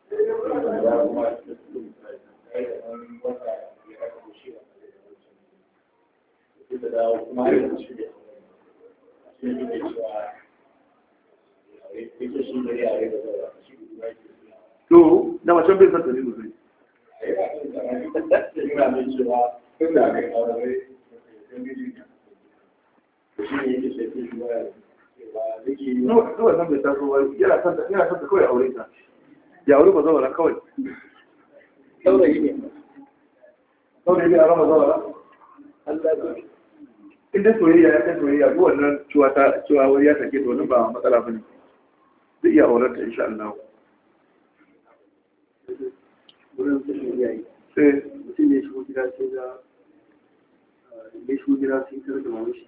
to da macen bai sata ne mutum a yi ba da da yana son kawai ya aure ba kawai saurayi ne saurayi ne a rama inda soyayya ya kai soyayya wannan cewa wani ya sake to ba matsala ne zai iya auren ta insha Allah wurin sun yayi mutum shigo gida sai shigo gida sai da mamashi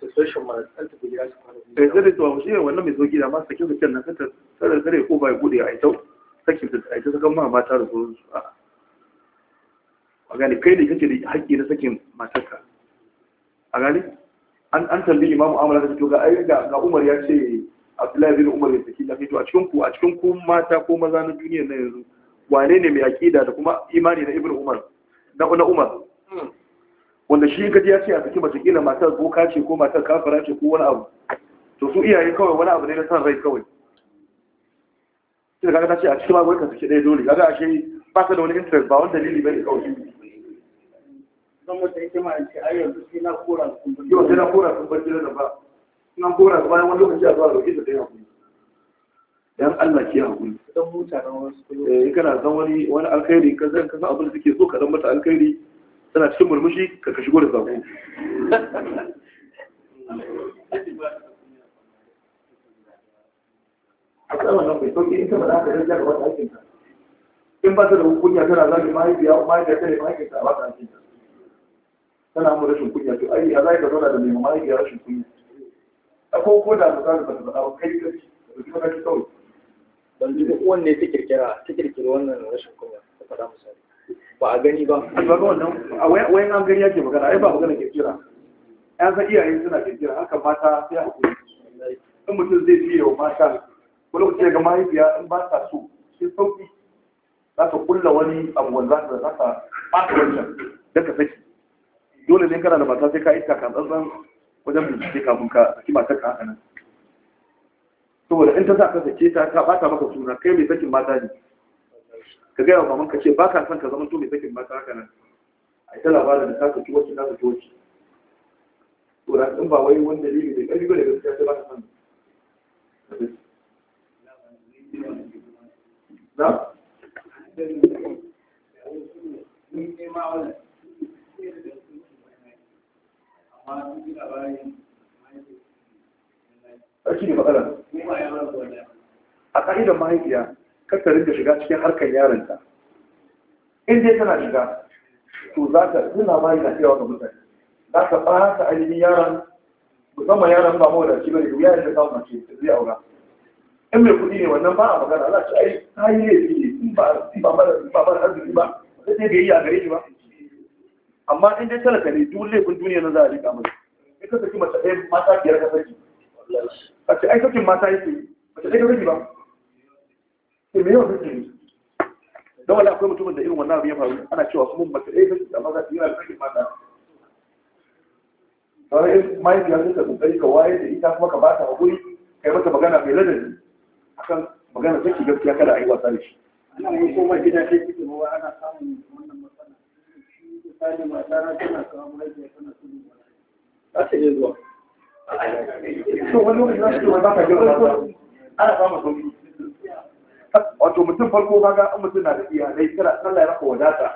suspension ma an tafi gida su kwana biyu zai eh, to ne wannan mai zo gida ma sakin da kyan nan sai ta zare ko ba ya bude a ita sakin da a ita sakan ma mata da gurin su a gani kai ne kake da haƙƙi na sakin matarka a gani an an tambayi imamu amala ta to ga ai ga Umar ya ce Abdullahi bin Umar ya saki lafi to a cikin ku a cikin ku mata ko maza na duniyar na yanzu wane ne mai aqida da kuma imani na Ibn Umar na Umar hmm. wanda shi gaji ya ce a saki mace kila matar boka ce ko matar kafara ce ko wani abu to su iyaye kawai wani abu ne na san rai kawai sai kaga ta ce a cikin magwai ka saki ɗaya dole kaga ashe ba ta da wani interest ba wani dalili bane kawai yau sai na kora sun bar da ba na kora bayan wani lokaci a zuwa roƙi da ta yi hakuri dan Allah ke hakuri dan mutanen wasu eh, in kana zan wani alkhairi ka zan kasa abin da suke so ka zan mata alkhairi tana cikin murmushi ka ka shigo da sako in ba ta da kunya tana zagi mahaifiya mahaifiya ta ne mahaifinta ba ta hankinta tana mu rashin kunya to ai ya zai ka zauna da mai mahaifiya rashin kunya akwai ko da misali ba ta faɗa ba kai kai da kuma kai kawai ban ji uwan ne ta kirkira ta kirkira wannan rashin kunya ta faɗa misali ba a gani ba a ga wannan wayan an gani yake magana ai ba magana kirkira an san iyaye suna kirkira haka mata sai a hakuri in mutum zai fiye wa mata wani mutum ga mahaifiya in ba ta so sai sauki za ka kulla wani abu wanda za ta ɓata wancan da ka saki dole ne kana da mata sai ka iska ka tsantsan wajen bincike kafin ka saki matar ka haka nan saboda in ta sa ka sake ta ka ɓata maka suna kai mai sakin mata ne ka gaya wa maman ka ce ba ka son ka zama to mai sakin mata haka nan a ita labarin da ta saki wacce ta ci wacce to da in ba wai wanda dalili da ƙarfi ba da gaskiya sai ba ka san na? Sarki ne matsala. A ƙa'idar mahaifiya, kakka rinka shiga cikin harkar yaronta in dai tana shiga to za ta yi labari na cewa ga mutane za ta ba ta ainihin yaron musamman yaron ba mawada shi bane ya yi samun mace ta zai aura in mai kuɗi ne wannan ba a magana za ci ai ta yi laifi ne in ba ba ba ba arziki ba sai dai bai a gare shi ba amma in dai talaka ne duk laifin duniya na za a rika masa in ka saki mace ɗaya mata biyar ka saki a ce ai sakin mata yake mace ɗaya ka saki ba sai eh, me yawa sun don wani akwai mutumin da irin wannan abu ya ana cewa mahaifiya ka ka da ita kuma ka ba ta haƙuri mai ladabi akan magana a yi wasa da shi wato mutum farko kaga an mutum na da iyalai tara Allah ya raka wadata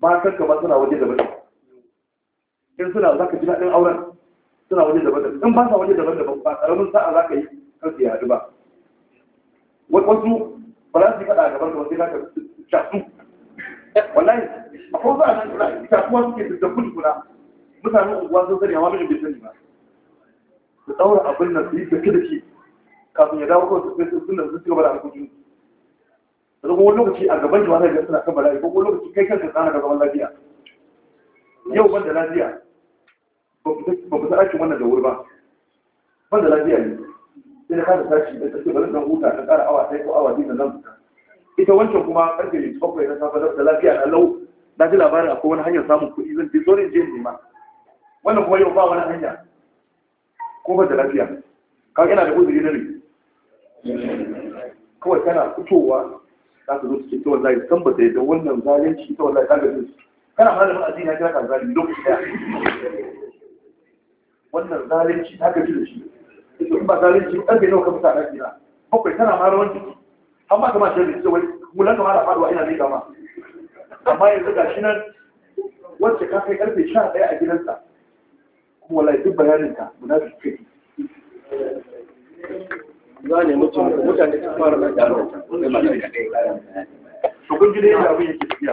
kan ka ba suna waje da daban in suna za ka ji daɗin auren suna waje daban daban in ba sa waje daban daban ba ƙaramin sa'a za ka yi kan ya yaɗu ba wasu ba za su yi faɗa a gaban ka sai za ka casu wallahi a ko za a nan casuwa suke da kula mutanen unguwa sun sani amma mijin bai sani ba su ɗaura abin nan su yi da kidaki kafin ya dawo kawai sai sun da sun gaba da alƙudu da kuma wani lokaci a gaban shi wani suna kan bala'i ko kuma lokaci kai kanka tsana da zaman lafiya yau ban da lafiya ba ku tashi wannan da wuri ba ban da lafiya ne sai da kada tashi da take bari dan huta ta tsara awa sai ko awa biyu da nan ita wancan kuma karfe bakwai na safe da lafiya na lau na ji labarin akwai wani hanyar samun kuɗi zan je zo ne je nema wannan kuma yau ba wani hanya ko ban da lafiya kawai yana da uzuri na ne kawai tana fitowa za ka zo su ce ta wallahi san ba da wannan zalunci ta wallahi ta gajin su kana malamin a ya kira ka zalunci lokaci daya wannan zalunci ta gaji da shi in ba zalunci ɗan ɗarfe nawa ka fita na gida bakwai tana mara wani amma kama shi da cewa mulan da mara faruwa ina miƙa ma amma yanzu ga shi nan wacce ka kai karfe sha ɗaya a gidansa kuma wallahi duk bayaninka munafiki kai za ne mutane su fara da daro to kun ji dai abin yake tafiya